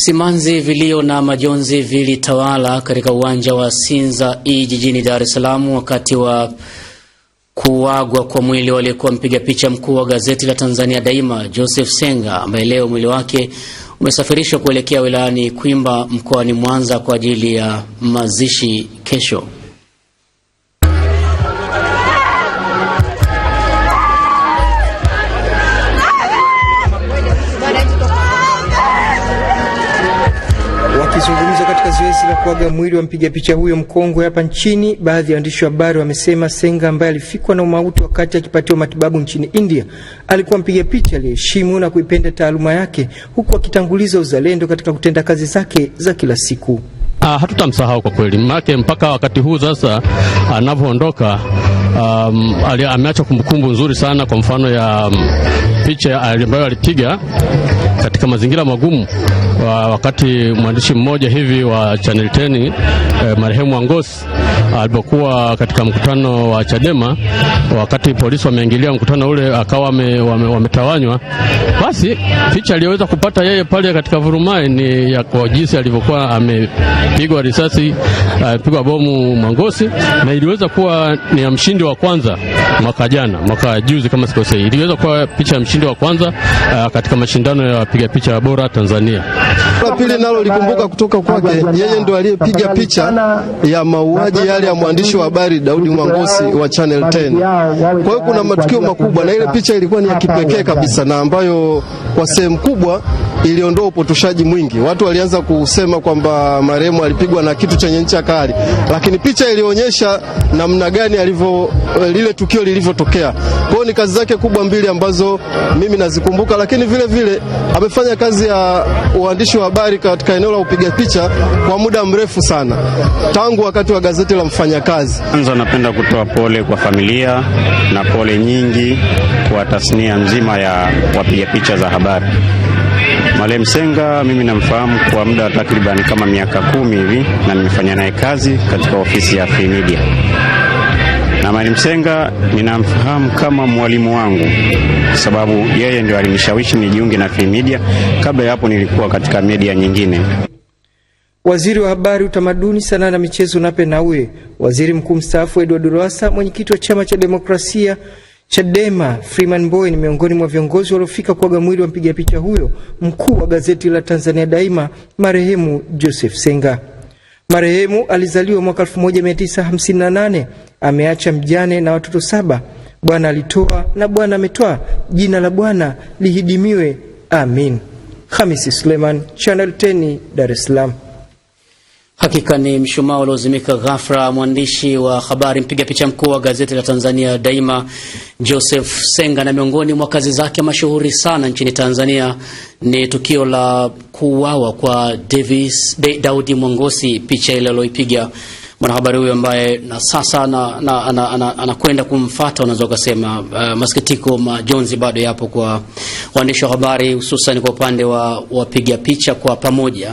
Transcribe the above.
Simanzi, vilio na majonzi vilitawala katika uwanja wa Sinza E jijini Dar es Salaam wakati wa kuagwa kwa mwili waliyekuwa mpiga picha mkuu wa gazeti la Tanzania Daima Joseph Senga, ambaye leo mwili wake umesafirishwa kuelekea wilayani Kwimba mkoani Mwanza kwa ajili ya mazishi kesho. Akizungumza katika zoezi la kuaga mwili wa mpiga picha huyo mkongwe hapa nchini, baadhi ya waandishi wa habari wamesema Senga ambaye alifikwa na umauti wakati akipatiwa matibabu nchini India alikuwa mpiga picha aliyeheshimu na kuipenda taaluma yake, huku akitanguliza uzalendo katika kutenda kazi zake za kila siku. Ah, hatutamsahau kwa kweli, maanake mpaka wakati huu sasa anavyoondoka um, ameacha kumbukumbu nzuri sana, kwa mfano ya um, picha ambayo alipiga katika mazingira magumu wa, wakati mwandishi mmoja hivi wa Channel 10 eh, marehemu Angosi alipokuwa katika mkutano wa Chadema, wakati polisi wameingilia mkutano ule, akawa wametawanywa, wame, wame basi picha aliyoweza kupata yeye pale katika vurumai ni ya kwa jinsi alivyokuwa amepigwa risasi, amepigwa bomu Mwangosi, na iliweza kuwa ni ya mshindi wa kwanza mwaka jana, mwaka juzi kama sikosei, iliweza kuwa picha ya mshindi wa kwanza uh, katika mashindano ya wapiga picha bora Tanzania pili nalo likumbuka kutoka kwake, yeye ndo aliyepiga picha ya mauaji yale ya mwandishi wa habari Daudi Mwangosi wa Channel 10. Kwa hiyo kuna matukio makubwa, na ile picha ilikuwa ni ya kipekee kabisa, na ambayo kwa sehemu kubwa iliondoa upotoshaji mwingi. Watu walianza kusema kwamba marehemu alipigwa na kitu chenye ncha kali, lakini picha ilionyesha namna gani alivyo eh, lile tukio lilivyotokea. Kwa ni kazi zake kubwa mbili ambazo mimi nazikumbuka, lakini vile vile amefanya kazi ya uandishi wa habari habari katika eneo la upiga picha kwa muda mrefu sana, tangu wakati wa gazeti la Mfanyakazi. Kwanza napenda kutoa pole kwa familia na pole nyingi kwa tasnia nzima ya wapiga picha za habari. Malem Senga mimi namfahamu kwa muda wa takribani kama miaka kumi hivi, na nimefanya naye kazi katika ofisi ya Free Media. Amani Msenga ninamfahamu kama mwalimu wangu, kwa sababu yeye ndio alinishawishi nijiunge na Free Media. Kabla ya hapo nilikuwa katika media nyingine. Waziri wa Habari, Utamaduni, Sanaa na Michezo Nape Nnauye, Waziri Mkuu mstaafu Edward Lowassa, mwenyekiti wa Chama cha Demokrasia Chadema Freeman Mbowe ni miongoni mwa viongozi waliofika kuaga mwili wa mpiga picha huyo mkuu wa gazeti la Tanzania Daima marehemu Joseph Senga. Marehemu alizaliwa mwaka 1958 ameacha mjane na watoto saba. Bwana alitoa na Bwana ametoa, jina la Bwana lihidimiwe. Amin. Hamisi Suleiman, chanel teni Dar es Salaam. Hakika ni mshumaa uliozimika ghafra Mwandishi wa habari, mpiga picha mkuu wa gazeti la Tanzania Daima, Joseph Senga, na miongoni mwa kazi zake mashuhuri sana nchini Tanzania ni tukio la kuuawa kwa Davis Daudi Mwangosi, picha ile aliyoipiga mwanahabari huyo ambaye na sasa anakwenda kumfata, unaweza ukasema uh, masikitiko majonzi bado yapo kwa waandishi wa habari, hususan kwa upande wa wapiga picha kwa pamoja.